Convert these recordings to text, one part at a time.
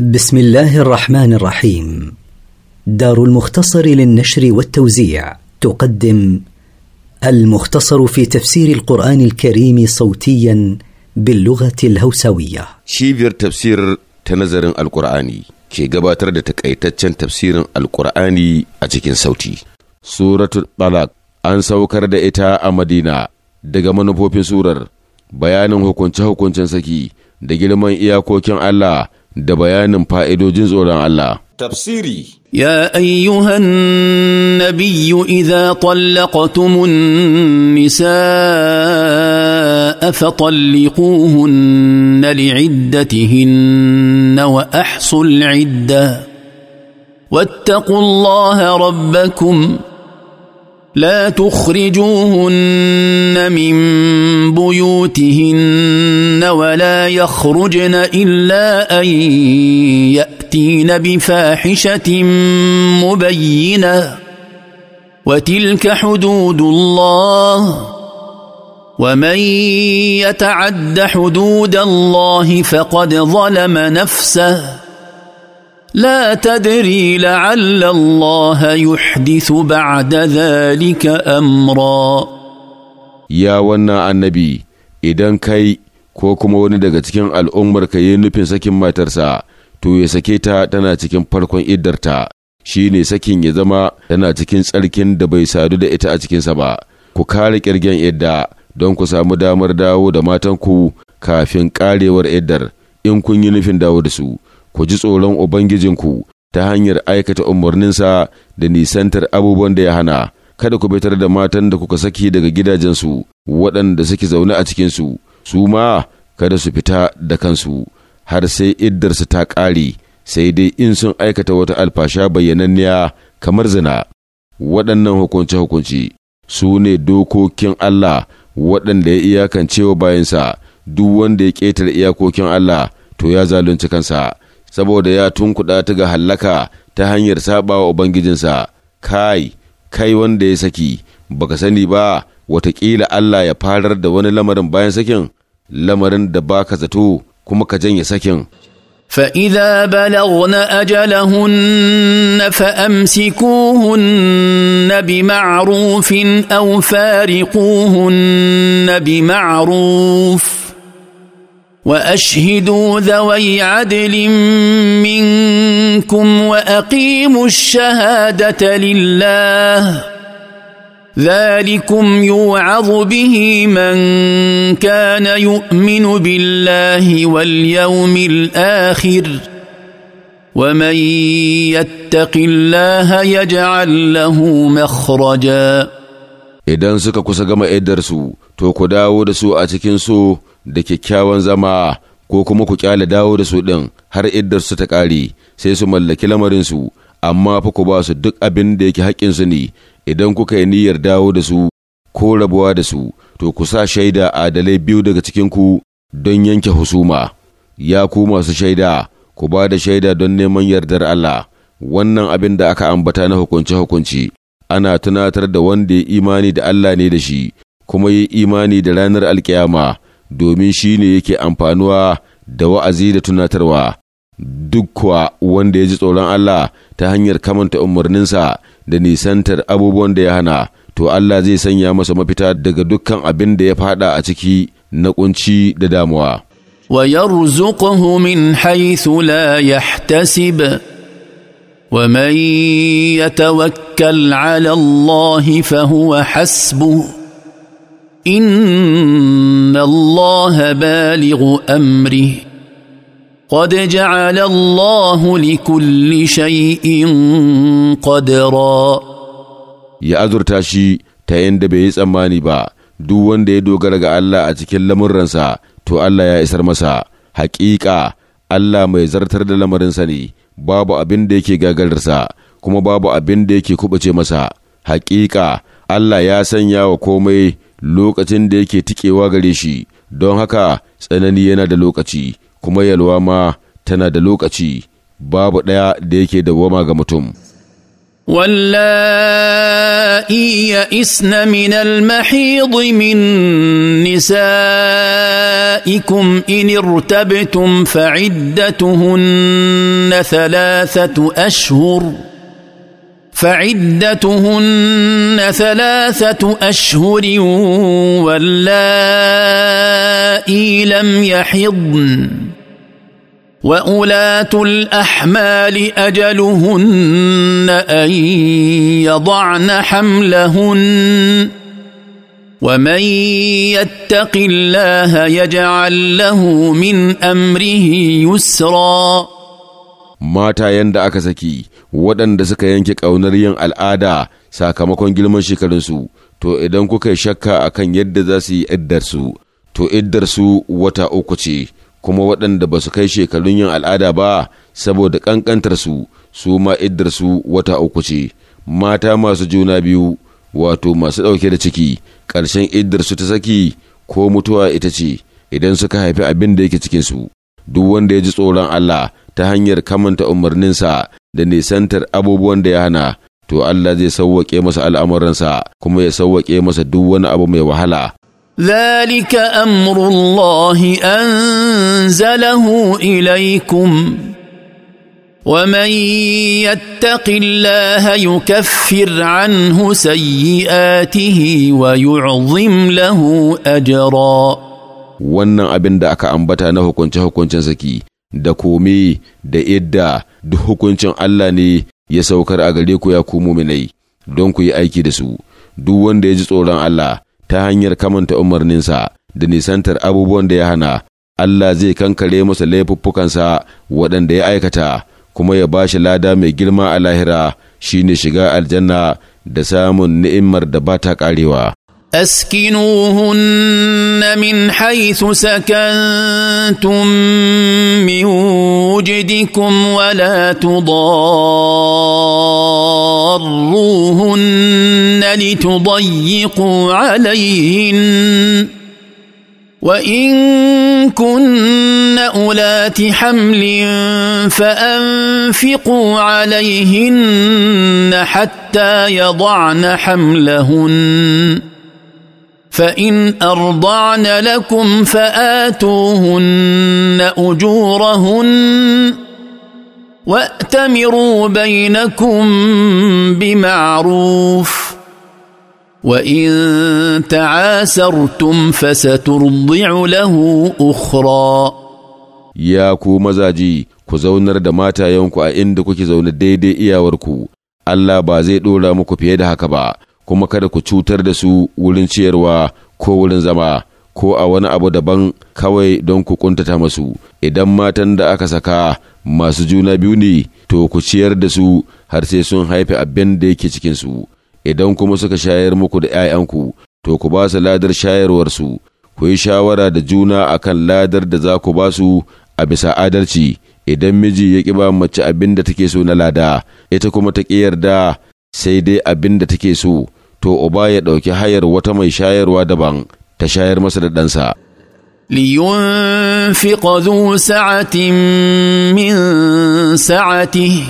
بسم الله الرحمن الرحيم دار المختصر للنشر والتوزيع تقدم المختصر في تفسير القرآن الكريم صوتيا باللغة الهوسوية شيفير تفسير تنظر القرآني كي قباتر تكأيتتشن تفسير القرآني أتكين صوتي سورة الطلاق أن سوكر دائتا أمدينة دقمان بوبين سورر bayanin hukunce-hukuncen saki da girman iyakokin Allah da bayanin fa'idojin tsoron Allah. Tafsiri يا أيها النبي إذا طلقتم النساء فطلقوهن لعدتهن وأحصوا العدة واتقوا الله ربكم ۖ لا تخرجوهن من بيوتهن ولا يخرجن الا ان ياتين بفاحشه مبينه وتلك حدود الله ومن يتعد حدود الله فقد ظلم نفسه لا تدري لعل الله يحدث بعد ذلك امرا يا ونا النبي idan kai ko kuma wani daga cikin al'ummarka ya nufin sakin matarsa to ya sake ta tana cikin farkon iddarta shi ne sakin ya zama tana cikin tsarkin da bai sadu da ita a cikinsa ba ku kare kirgen idda don ku samu damar dawo da matanku kafin karewar iddar in kun yi nufin dawo da su ku ji tsoron Ubangijinku ta hanyar aikata umarninsa da nisantar abubuwan da ya hana, kada ku bitar da matan da kuka saki daga gidajensu waɗanda suke zaune a cikinsu, su ma kada su fita da kansu har sai iddarsu ta ƙare, sai dai in sun aikata wata alfasha bayyananniya kamar zina. Waɗannan hukunce-hukunce su ne dokokin Allah waɗanda ya iyakance wa bayansa duk wanda ya ƙetare iyakokin Allah to ya zalunci kansa. saboda ya tunkuɗa ta ga hallaka ta hanyar saɓawa ubangijinsa kai kai wanda ya saki baka sani ba watakila Allah ya farar da wani lamarin bayan sakin lamarin da ba ka zato kuma ka janye sakin فإذا بلغن أجلهن فأمسكوهن بمعروف أو فارقوهن بمعروف واشهدوا ذوي عدل منكم واقيموا الشهاده لله ذلكم يوعظ به من كان يؤمن بالله واليوم الاخر ومن يتق الله يجعل له مخرجا اذا suka سكما إدرسوا توكو to ku da kyakkyawan zama ko kuma ku kyale dawo da su ɗin har su ta ƙare sai su mallaki lamarinsu amma fa ku ba su duk abin da yake haƙƙinsu ne idan kuka yi niyyar dawo da su ko rabuwa da su to ku sa shaida adalai biyu daga cikinku don yanke husuma ya ku masu shaida ku ba da shaida don neman yardar Allah wannan abin da aka ambata na hukunce hukunci ana tunatar da wanda ya imani da Allah ne da shi kuma yi imani da ranar alkiyama domin shi ne yake amfanuwa da wa'azi da tunatarwa, duk kuwa wanda ya ji tsoron Allah ta hanyar kamanta umarninsa da nisantar abubuwan da ya hana, to Allah zai sanya masa mafita daga dukkan abin da ya fada a ciki na kunci da damuwa. ويرزقه من حيث لا يحتسب ومن يتوكل على الله فهو حسبه ان الله بالغ امره قد جعل الله لكل شيء قدرا ya azurta shi ta inda bai yi tsammani ba duk wanda ya dogara ga Allah a cikin lamurransa to Allah ya isar masa haƙiƙa Allah mai zartar da lamarinsa ne babu abin da yake gagararsa kuma babu abin da yake kubace masa haƙiƙa Allah ya sanya wa komai lokacin da yake tikewa gare shi don haka tsanani yana da lokaci kuma yalwa ma tana da lokaci babu ɗaya da yake da wama ga mutum واللائي يئسن من المحيض من نسائكم ان ارتبتم na ثلاثه ashhur فعدتهن ثلاثة أشهر واللائي لم يحضن وأولاة الأحمال أجلهن أن يضعن حملهن ومن يتق الله يجعل له من أمره يسراً mata yanda aka saki waɗanda suka yanke ƙaunar yin al'ada sakamakon girman shekarunsu to idan kuka yi shakka akan yadda za su yi iddarsu to iddarsu wata uku ce kuma waɗanda ba su kai shekarun yin al'ada ba saboda ƙanƙantarsu su ma iddarsu wata uku ce mata masu juna biyu wato masu ɗauke da ciki ƙarshen iddarsu ta saki ko mutuwa ita ce idan suka haifi abin da yake cikinsu duk wanda ya ji tsoron Allah ta hanyar kamanta umarninsa da nisantar abubuwan da ya hana to Allah zai sauwaƙe masa al'amuransa kuma ya sauwaƙe masa duk wani abu mai wahala. ذلك أمر الله أنزله إليكم ومن يتق الله يكفر عنه سيئاته ويعظم له أجرا wannan abin da aka ambata na hukunce-hukuncen saki da kome da idda duk hukuncin Allah ne ya saukar a gare ku ya ku muminai don ku yi aiki da su duk wanda ya ji tsoron Allah ta hanyar kamanta umarninsa da nisantar abubuwan da ya hana Allah zai kankare masa laifuffukansa waɗanda ya aikata kuma ya ba shi lada mai girma a lahira shine shiga aljanna da samun ni'imar da ba ta ƙarewa. اسكنوهن من حيث سكنتم من وجدكم ولا تضاروهن لتضيقوا عليهن وان كن اولات حمل فانفقوا عليهن حتى يضعن حملهن فان ارضعن لكم فاتوهن اجورهن واتمروا بينكم بمعروف وان تعاسرتم فسترضع له اخرى يا كو مزاجي ku zaunar da matayenku a inda kuke zaune daidai iyawarku Allah ba zai ɗora muku fiye da haka ba kuma kada ku cutar da su wurin ciyarwa ko wurin zama ko a wani abu daban kawai don ku kuntata masu idan matan da aka saka masu juna biyu ne to ku ciyar da su har sai sun haifi abin da yake cikinsu idan kuma suka shayar muku da 'ya'yanku to ku ba su ladar shayarwarsu ku yi shawara da juna akan ladar da za ku ba su a bisa adalci idan miji ya ƙiba mace abin da take so na lada ita kuma ta ƙi yarda sai dai abin da take so to uba ya ɗauki hayar wata mai shayarwa daban ta shayar masa da ɗansa. لينفق ذو سعة من سعته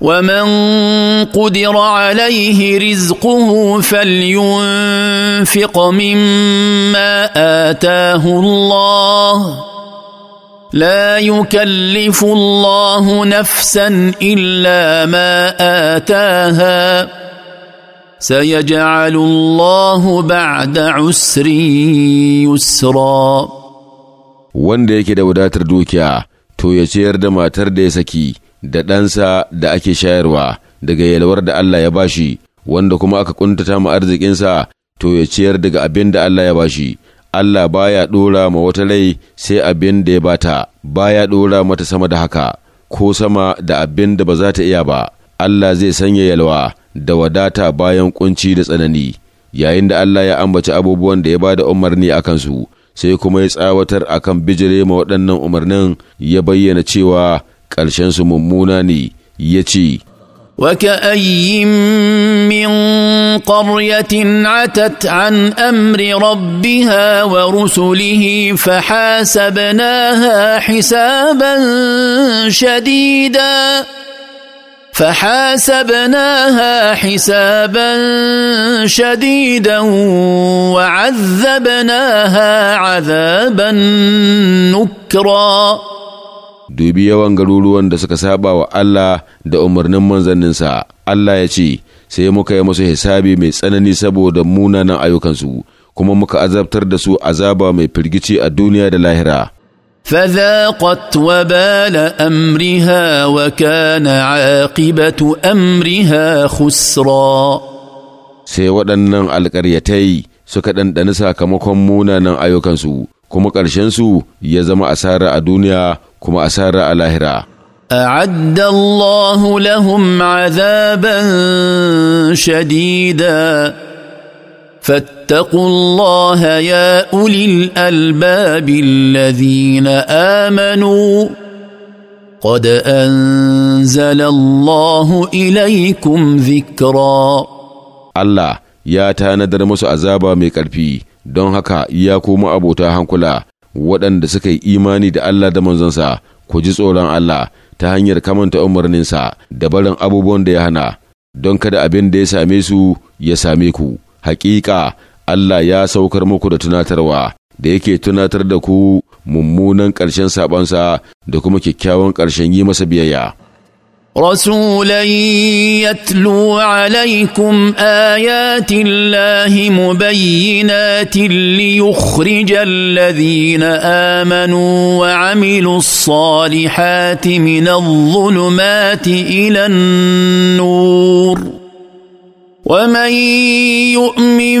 ومن قدر عليه رزقه فلينفق مما آتاه الله لا يكلف الله نفسا إلا ما آتاها سيجعل الله بعد عسر يسرا wanda yake da wadatar dukiya to ya ciyar da matar da ya saki da ɗansa da ake shayarwa daga yalwar da Allah ya bashi wanda kuma aka kuntata ma arzikinsa to ya ciyar daga abin da Allah ya bashi Allah baya ɗora ma wata rai sai abin da ya bata baya ɗora mata sama da haka ko sama da abin da ba za ta iya ba Allah zai sanya yalwa da wadata bayan kunci da tsanani yayin da Allah ya ambaci abubuwan da ya ba da umarni a kansu sai kuma ya tsawatar a kan bijire ma waɗannan umarnin ya bayyana cewa ƙarshensu mummuna ne ya ce وكأي من قرية عتت عن أمر ربها ورسله فحاسبناها حسابا شديدا فحاسبناها حسابا شديدا وعذبناها عذابا نكرا dubi yawan garuruwan da suka saba wa Allah da umarnin manzanninsa Allah ya ce sai muka yi musu hisabi mai tsanani saboda munanan ayyukansu kuma muka azabtar da su azaba mai firgici a duniya da lahira فذاقت وبال امرها وكان عاقبه امرها خسرا sai waɗannan alƙaryatai suka ɗanɗani sakamakon munanan ayyukansu kuma ƙarshensu ya zama asara a duniya kuma asara a lahira أعد الله لهم عذابا شديدا فاتقوا الله يا اولي الالباب الذين امنوا قد انزل الله اليكم ذكرا الله ya tanadar masu azaba mai ƙarfi don haka ya koma abota hankula waɗanda suka yi imani da Allah da manzonsa ku ji tsoron Allah ta hanyar kamanta umarninsa da barin abubuwan da ya hana don kada abin da ya same su ya same ku. Haƙiƙa Allah ya saukar muku da tunatarwa da yake tunatar da ku mummunan ƙarshen saɓonsa da kuma kyakkyawan ƙarshen yi masa biyayya. رسولا يتلو عليكم ايات الله مبينات ليخرج الذين امنوا وعملوا الصالحات من الظلمات الى النور ومن يؤمن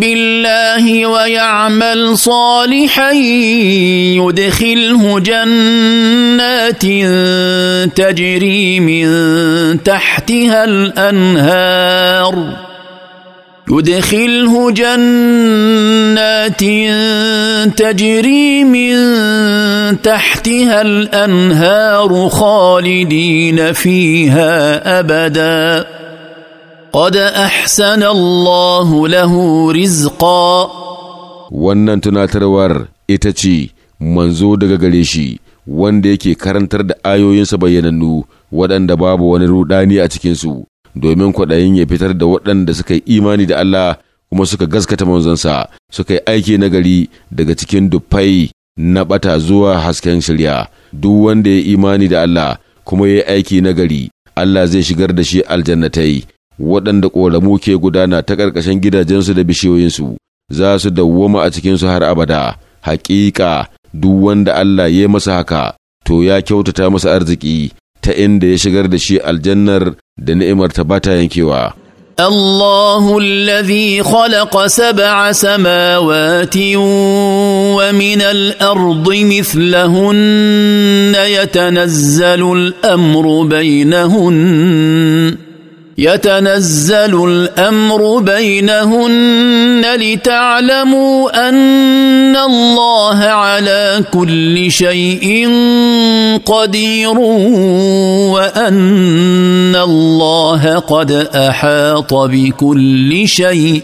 بالله ويعمل صالحا يدخله جنات تجري من تحتها الانهار يدخله جنات تجري من تحتها الانهار خالدين فيها ابدا قد أحسن الله له رزقا wannan tunatarwar ita ce manzo daga gare shi wanda yake karantar da ayoyinsa bayyanannu waɗanda babu wani rudani a cikinsu domin kwaɗayin ya fitar da waɗanda suka yi imani da Allah kuma suka gaskata manzonsa suka yi aiki nagari daga cikin dufai na ɓata zuwa hasken shirya duk wanda ya imani da Allah kuma ya yi aiki nagari Allah zai shigar da shi aljannatai waɗanda ƙoramu ke gudana ta ƙarƙashin gidajensu da bishiyoyinsu za su dawwama a cikinsu har abada haƙiƙa duk wanda Allah ya masa haka to ya kyautata masa arziki ta inda ya shigar da shi aljannar da ni'imar ta bata yankewa الله الذي خلق سبع سماوات ومن الارض مثلهن يتنزل الامر بينهن يتنزل الامر بينهن لتعلموا ان الله على كل شيء قدير وان الله قد احاط بكل شيء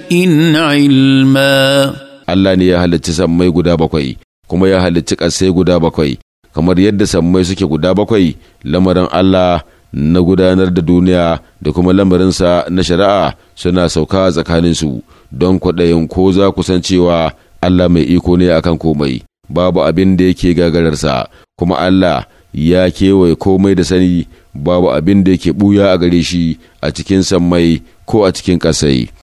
علما Allah ne ya halicci sammai guda bakwai kuma ya halicci ƙasai guda bakwai kamar yadda sammai suke guda bakwai lamarin Allah na gudanar da duniya da kuma lamarinsa na shari'a suna sauka tsakaninsu don kwaɗayin ko za ku san cewa Allah mai iko ne akan komai babu abin da yake gagararsa kuma Allah ya kewaye komai da sani babu abin da yake ɓuya a gare shi a cikin sammai ko a cikin ƙasai